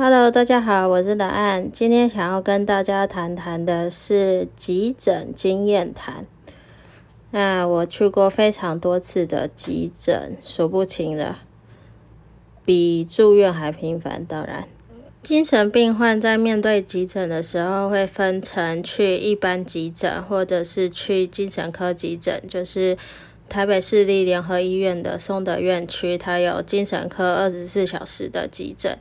Hello，大家好，我是南岸。今天想要跟大家談談的是急診經驗談。那、嗯、我去過非常多次的急診，數不清了，比住院還頻繁。當然，精神病患在面對急診的時候，會分成去一般急診，或者是去精神科急診。就是台北市立聯合醫院的松德院區，它有精神科二十四小時的急診。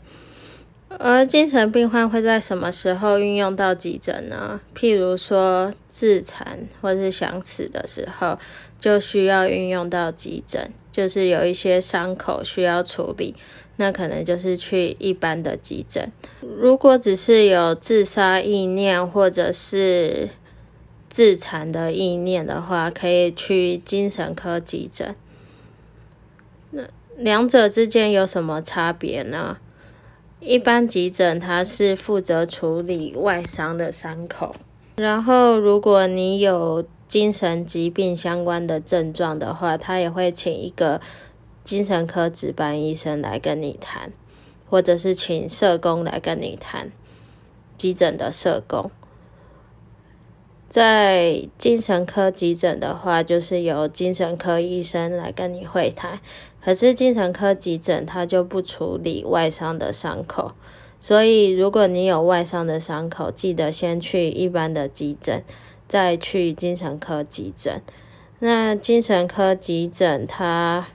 而精神病患會在什麼時候運用到急診呢？譬如說自殘或是想死的時候，就需要運用到急診，就是有一些傷口需要處理，那可能就是去一般的急診。如果只是有自殺意念或者是自殘的意念的話，可以去精神科急診。那兩者之間有什麼差別呢？一般急診他是負責處理外傷的傷口，然後如果你有精神疾病相關的症狀的話，他也會請一個精神科值班醫生來跟你談，或者是請社工來跟你談。急診的社工在精神科急診的話，就是由精神科醫生來跟你會談。可是精神科急診它就不處理外傷的傷口，所以如果你有外傷的傷口，記得先去一般的急診，再去精神科急診。那精神科急診它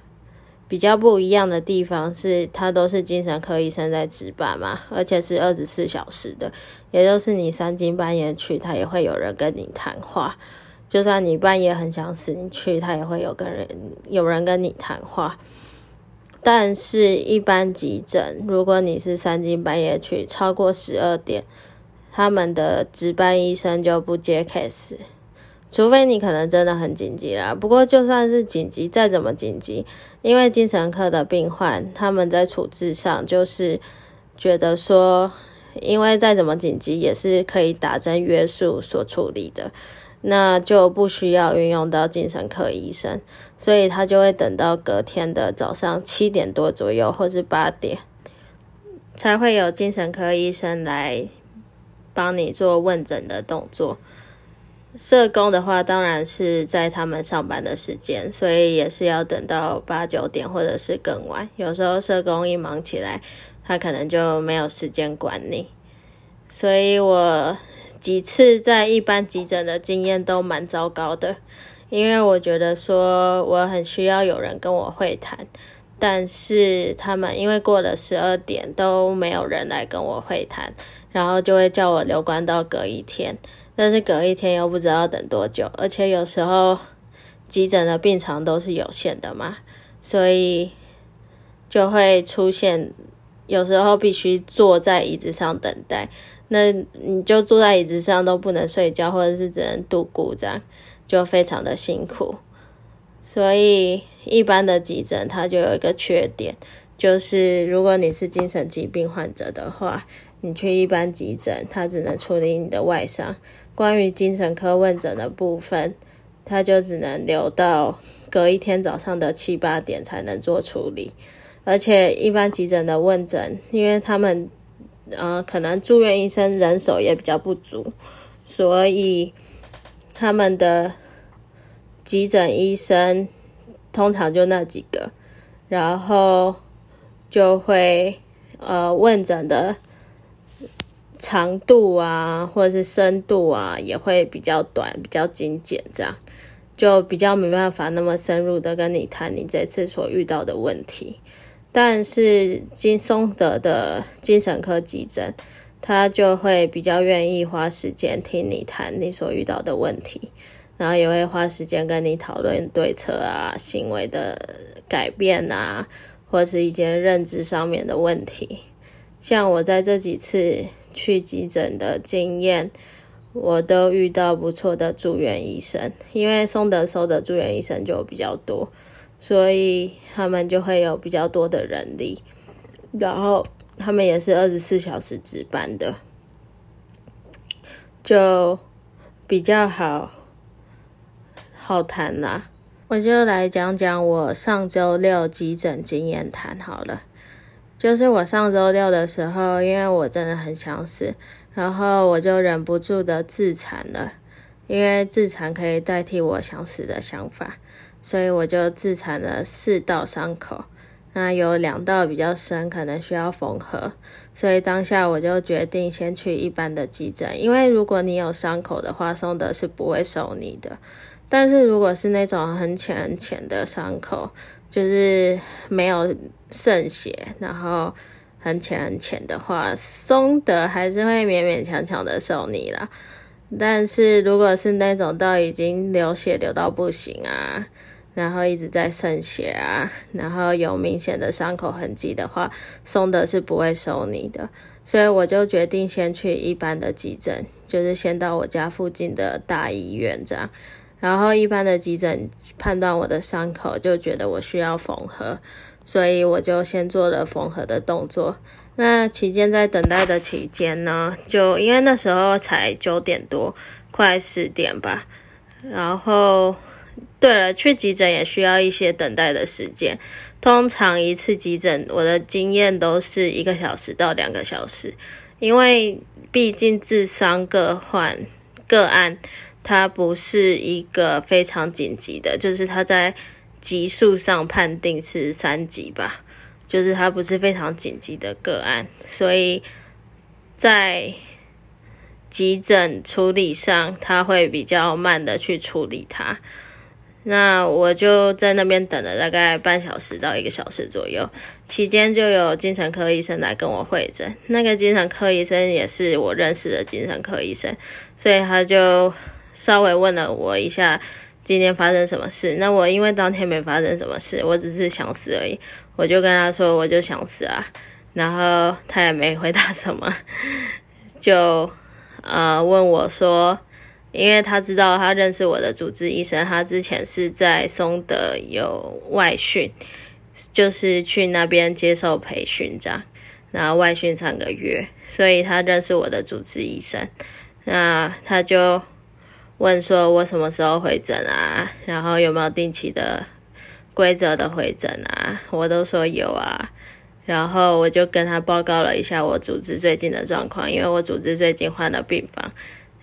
比較不一樣的地方是，它都是精神科醫生在值班嘛，而且是二十四小時的，也就是你三更半夜去，它也會有人跟你談話。就算你半夜很想死，你去他也會有個人有人跟你談話。但是一般急診，如果你是三更半夜去超過十二點，他們的值班醫生就不接 case，除非你可能真的很緊急啦。不過就算是緊急，再怎麼緊急，因為精神科的病患，他們在處置上就是覺得說，因為再怎麼緊急也是可以打針約束所處理的。那就不需要運用到精神科醫生，所以他就會等到隔天的早上七點多左右，或是八點，才會有精神科醫生來幫你做問診的動作。社工的話，當然是在他們上班的時間，所以也是要等到八九點或者是更晚。有時候社工一忙起來，他可能就沒有時間管你，所以我幾次在一般急診的經驗都蠻糟糕的，因為我覺得說我很需要有人跟我會談，但是他們因為過了十二點都沒有人來跟我會談，然後就會叫我留觀到隔一天，但是隔一天又不知道等多久，而且有時候急診的病床都是有限的嘛，所以就會出現有時候必須坐在椅子上等待。那你就坐在椅子上都不能睡覺，或者是只能度故，這樣就非常的辛苦。所以一般的急診它就有一個缺點，就是如果你是精神疾病患者的話，你去一般急診，它只能處理你的外傷。關於精神科問診的部分，它就只能留到隔一天早上的七八點才能做處理。而且一般急診的問診，因為他們呃，可能住院醫生人手也比較不足，所以他們的急診醫生通常就那幾個，然後就會呃問診的長度啊或者是深度啊也會比較短，比較精簡，這樣就比較沒辦法那麼深入的跟你談你這次所遇到的問題。但是經松德的精神科急診，他就會比較願意花時間聽你談你所遇到的問題，然後也會花時間跟你討論對策啊、行為的改變啊，或是一些認知上面的問題。像我在這幾次去急診的經驗，我都遇到不錯的住院醫生，因為松德收的住院醫生就比較多。所以他們就會有比較多的人力，然後他們也是二十四小時值班的，就比較好好談啦。我就來講講我上周六急診經驗談好了，就是我上周六的時候，因為我真的很想死，然後我就忍不住的自殘了，因為自殘可以代替我想死的想法。所以我就自殘了四道傷口，那有兩道比較深，可能需要縫合。所以當下我就決定先去一般的急診，因為如果你有傷口的話，松德是不會收你的。但是如果是那種很淺很淺的傷口，就是沒有滲血，然後很淺很淺的話，松德還是會勉勉強強的收你啦。但是如果是那種到已經流血流到不行啊，然後一直在滲血啊，然後有明顯的傷口痕跡的話，松德是不會收你的，所以我就決定先去一般的急診，就是先到我家附近的大醫院這樣。然後一般的急診判斷我的傷口就覺得我需要縫合，所以我就先做了縫合的動作。那期間在等待的期間呢，就因為那時候才九點多，快十點吧，然後。對了，去急診也需要一些等待的時間。通常一次急診，我的經驗都是一個小時到兩個小時，因為畢竟自傷個患個案，它不是一個非常緊急的，就是它在級數上判定是三級吧，就是它不是非常緊急的個案，所以在急診處理上，它會比較慢的去處理它。那我就在那邊等了大概半小時到一個小時左右，期間就有精神科醫生來跟我會診。那個精神科醫生也是我認識的精神科醫生，所以他就稍微問了我一下今天發生什麼事。那我因為當天沒發生什麼事，我只是想死而已，我就跟他說我就想死啊，然後他也沒回答什麼，就呃問我說。因為他知道他認識我的主治醫生，他之前是在松德有外訓，就是去那邊接受培訓這樣，然後外訓三個月，所以他認識我的主治醫生。那他就問說我什麼時候回診啊？然後有沒有定期的規則的回診啊？我都說有啊，然後我就跟他報告了一下我主治最近的狀況，因為我主治最近換了病房。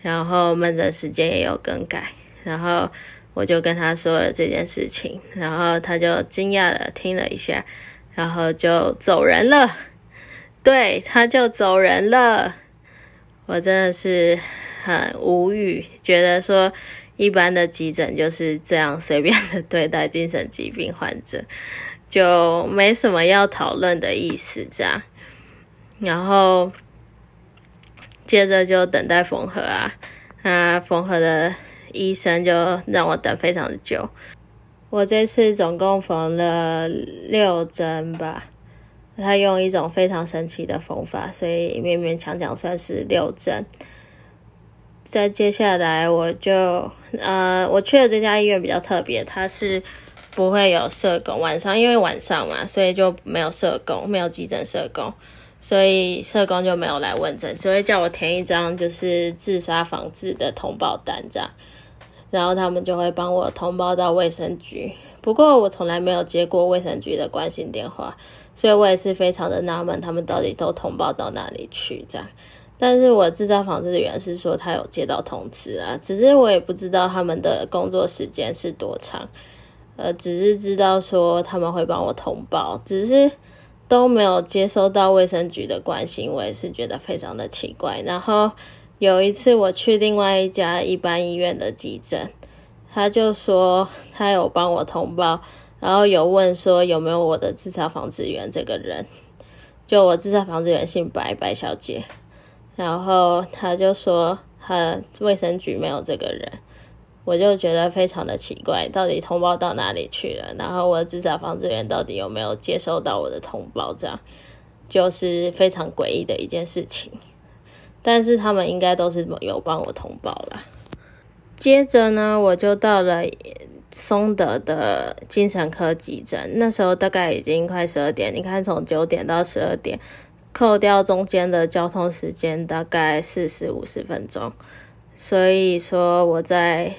然後問診時間也有更改，然後我就跟他說了這件事情，然後他就驚訝的聽了一下，然後就走人了。對，他就走人了。我真的是很無語，覺得說一般的急診就是這樣隨便的對待精神疾病患者，就沒什麼要討論的意思這樣。然後。接着就等待縫合啊，那、啊、縫合的醫生就讓我等非常的久。我這次總共縫了六針吧，他用一種非常神奇的縫法，所以勉勉強強算是六針。再接下來我就呃，我去的這家醫院比較特別，它是不會有社工，晚上因為晚上嘛，所以就沒有社工，沒有急診社工。所以社工就沒有來問診，只會叫我填一張就是自殺防治的通報單這樣，然後他們就會幫我通報到衛生局。不過我從來沒有接過衛生局的關心電話，所以我也是非常的納悶，他們到底都通報到哪裡去這樣？但是我自殺防治的員是說他有接到通知啦、啊，只是我也不知道他們的工作時間是多長，呃，只是知道說他們會幫我通報，只是。都沒有接收到衛生局的關心，我也是覺得非常的奇怪。然後有一次我去另外一家一般醫院的急診，他就說他有幫我通報，然後有問說有沒有我的自殺防治員這個人，就我自殺防治員姓白，白小姐，然後他就說他衛生局沒有這個人。我就覺得非常的奇怪，到底通報到哪裡去了？然後我的自殺防治員到底有沒有接收到我的通報，這樣就是非常詭異的一件事情。但是他們應該都是有幫我通報了。接着呢，我就到了松德的精神科急診，那時候大概已經快十二點。你看，從九點到十二點，扣掉中間的交通時間，大概四十五十分鐘。所以說我在。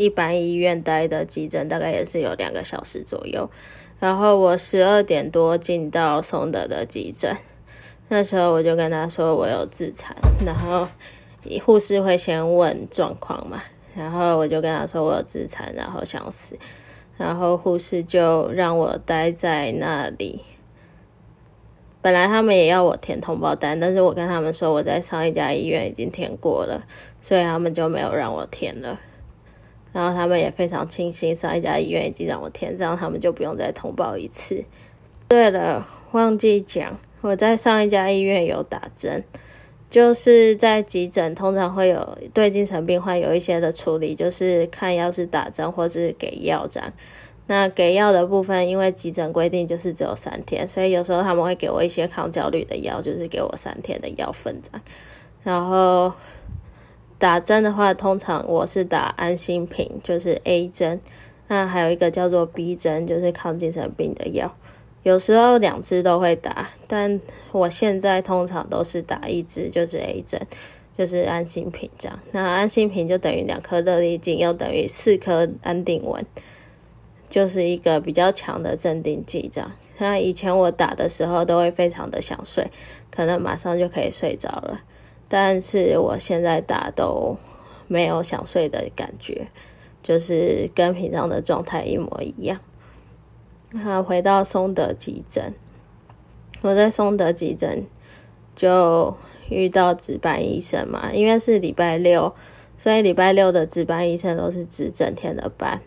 一般醫院待的急診大概也是有兩個小時左右。然後我十二點多進到松德的急診，那時候我就跟他說我有自殘，然後護士會先問狀況嘛，然後我就跟他說我有自殘，然後想死，然後護士就讓我待在那裡。本來他們也要我填通報單，但是我跟他們說我在上一家醫院已經填過了，所以他們就沒有讓我填了。然後他們也非常慶幸，上一家醫院已經讓我填，這樣他們就不用再通報一次。對了，忘記講，我在上一家醫院有打針，就是在急診，通常會有對精神病患有一些的處理，就是看要是打針或是給藥這樣。那給藥的部分，因為急診規定就是只有三天，所以有時候他們會給我一些抗焦慮的藥，就是給我三天的藥分這樣。然後。打針的話，通常我是打安心瓶，就是 A 針。那還有一個叫做 B 針，就是抗精神病的藥。有時候兩只都會打，但我現在通常都是打一支，就是 A 針，就是安心瓶這樣。那安心瓶就等於兩顆樂力靜，又等於四顆安定丸，就是一個比較強的鎮定劑這樣。那以前我打的時候都會非常的想睡，可能馬上就可以睡着了。但是我現在打都沒有想睡的感覺，就是跟平常的狀態一模一樣。那回到松德急診，我在松德急診就遇到值班醫生嘛，因為是禮拜六，所以禮拜六的值班醫生都是值整天的班，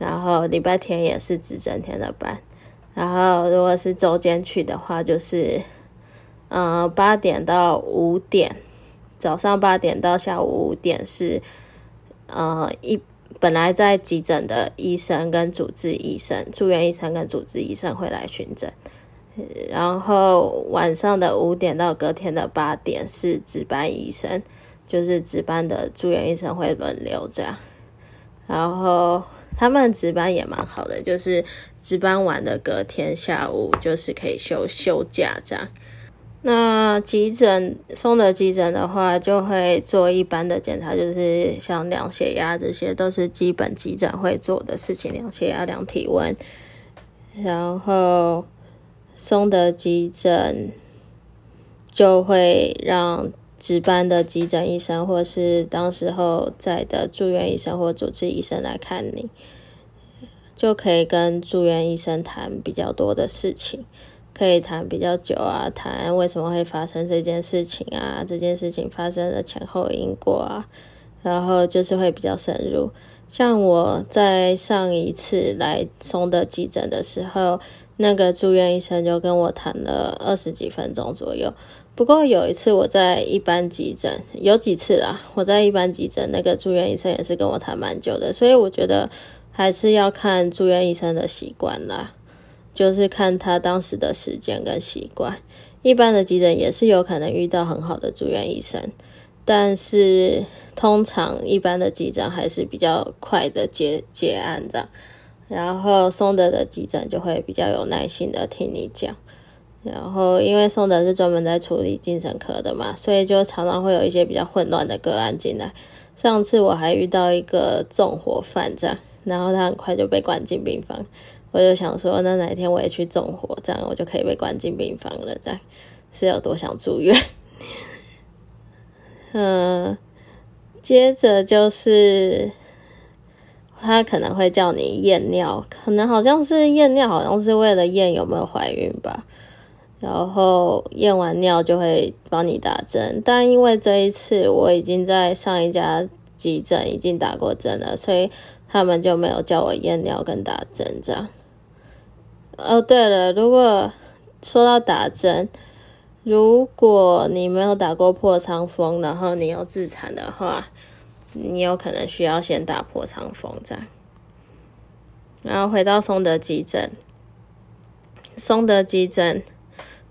然後禮拜天也是值整天的班，然後如果是周間去的話，就是，嗯，八點到五點。早上八點到下午五點是，呃，一本來在急診的醫生跟主治醫生、住院醫生跟主治醫生會來巡診，然後晚上的五點到隔天的八點是值班醫生，就是值班的住院醫生會輪流這樣，然後他們值班也蠻好的，就是值班完的隔天下午就是可以休休假這樣。那急診，松德急診的話，就會做一般的檢查，就是像量血壓這些，都是基本急診會做的事情。量血壓、量體溫，然後松德急診就會讓值班的急診醫生，或是當時候在的住院醫生或主治醫生來看你，就可以跟住院醫生談比較多的事情。可以談比較久啊，談為什麼會發生這件事情啊，這件事情發生的前後因果啊，然後就是會比較深入。像我在上一次來松德急診的時候，那個住院醫生就跟我談了二十幾分鐘左右。不過有一次我在一般急診，有幾次啦，我在一般急診，那個住院醫生也是跟我談蠻久的，所以我覺得還是要看住院醫生的習慣啦。就是看他當時的時間跟習慣，一般的急診也是有可能遇到很好的住院醫生，但是通常一般的急診還是比較快的結案這樣，然後松德的急診就會比較有耐心的聽你講，然後因為松德是專門在處理精神科的嘛，所以就常常會有一些比較混亂的個案進來，上次我還遇到一個縱火犯這樣，然後他很快就被關進病房。我就想說，那哪天我也去縱火，這樣我就可以被關進病房了。這樣是有多想住院？ 嗯，接着就是他可能會叫你驗尿，可能好像是驗尿，好像是為了驗有沒有懷孕吧。然後驗完尿就會幫你打針，但因為這一次我已經在上一家急診已經打過針了，所以他們就沒有叫我驗尿跟打針這樣。哦、oh，對了，如果說到打針，如果你沒有打過破傷風，然後你有自殘的話，你有可能需要先打破傷風，這樣。然後回到松德急診，松德急診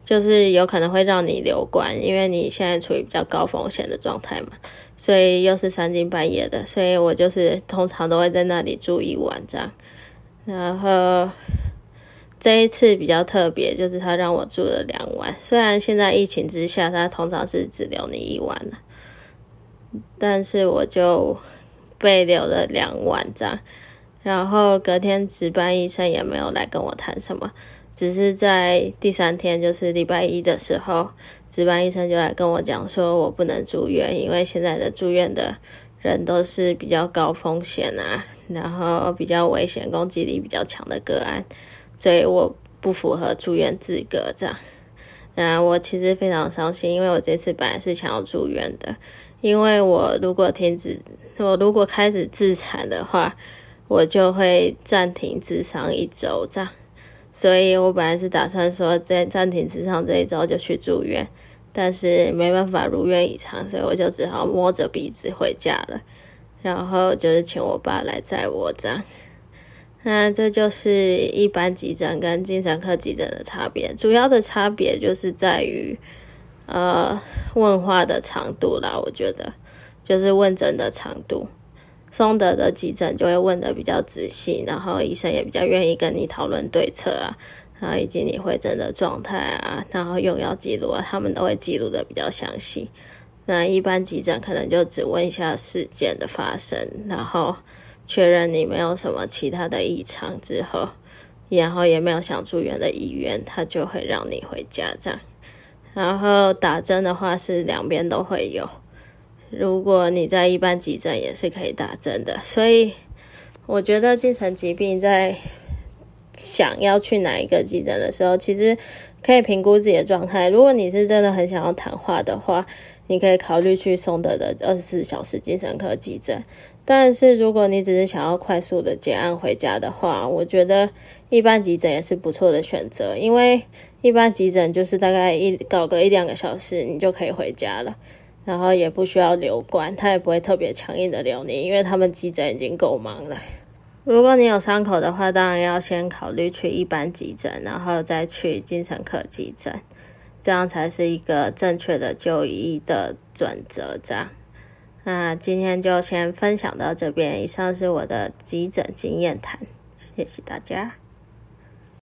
就是有可能會讓你留觀，因為你現在處於比較高風險的狀態嘛，所以又是三更半夜的，所以我就是通常都會在那裡住一晚，這樣，然後。這一次比較特別，就是他讓我住了兩晚。雖然現在疫情之下，他通常是只留你一晚了，但是我就被留了兩晚。這樣，然後隔天值班醫生也沒有來跟我談什麼，只是在第三天，就是禮拜一的時候，值班醫生就來跟我講說，我不能住院，因為現在的住院的人都是比較高風險啊，然後比較危險、攻擊力比較強的個案。所以我不符合住院資格，這樣，啊，我其實非常傷心，因為我這次本來是想要住院的，因為我如果停止，我如果開始自殘的話，我就會暫停自傷一周，這樣，所以我本來是打算說在暫停自傷這一周就去住院，但是沒辦法如願以償，所以我就只好摸着鼻子回家了，然後就是請我爸來載我這樣。那這就是一般急診跟精神科急診的差別，主要的差別就是在於，呃，問話的長度啦，我覺得，就是問診的長度。松德的急診就會問的比較仔細，然後醫生也比較願意跟你討論對策啊，然後以及你會診的狀態啊，然後用藥記錄啊，他們都會記錄的比較詳細。那一般急診可能就只問一下事件的發生，然後。確認你沒有什麼其他的異常之後，然後也沒有想住院的意願，他就會讓你回家這樣。然後打針的話是兩邊都會有，如果你在一般急診也是可以打針的。所以我覺得精神疾病在想要去哪一個急診的時候，其實可以評估自己的狀態。如果你是真的很想要談話的話，你可以考慮去松德的二十四小時精神科急診。但是如果你只是想要快速的結案回家的話，我覺得一般急診也是不錯的選擇，因為一般急診就是大概一搞個一兩個小時，你就可以回家了，然後也不需要留觀，他也不會特別強硬的留你，因為他們急診已經夠忙了。如果你有傷口的話，當然要先考慮去一般急診，然後再去精神科急診，這樣才是一個正確的就醫，醫的準則，這樣。那今天就先分享到這邊，以上是我的急診經驗談，謝謝大家。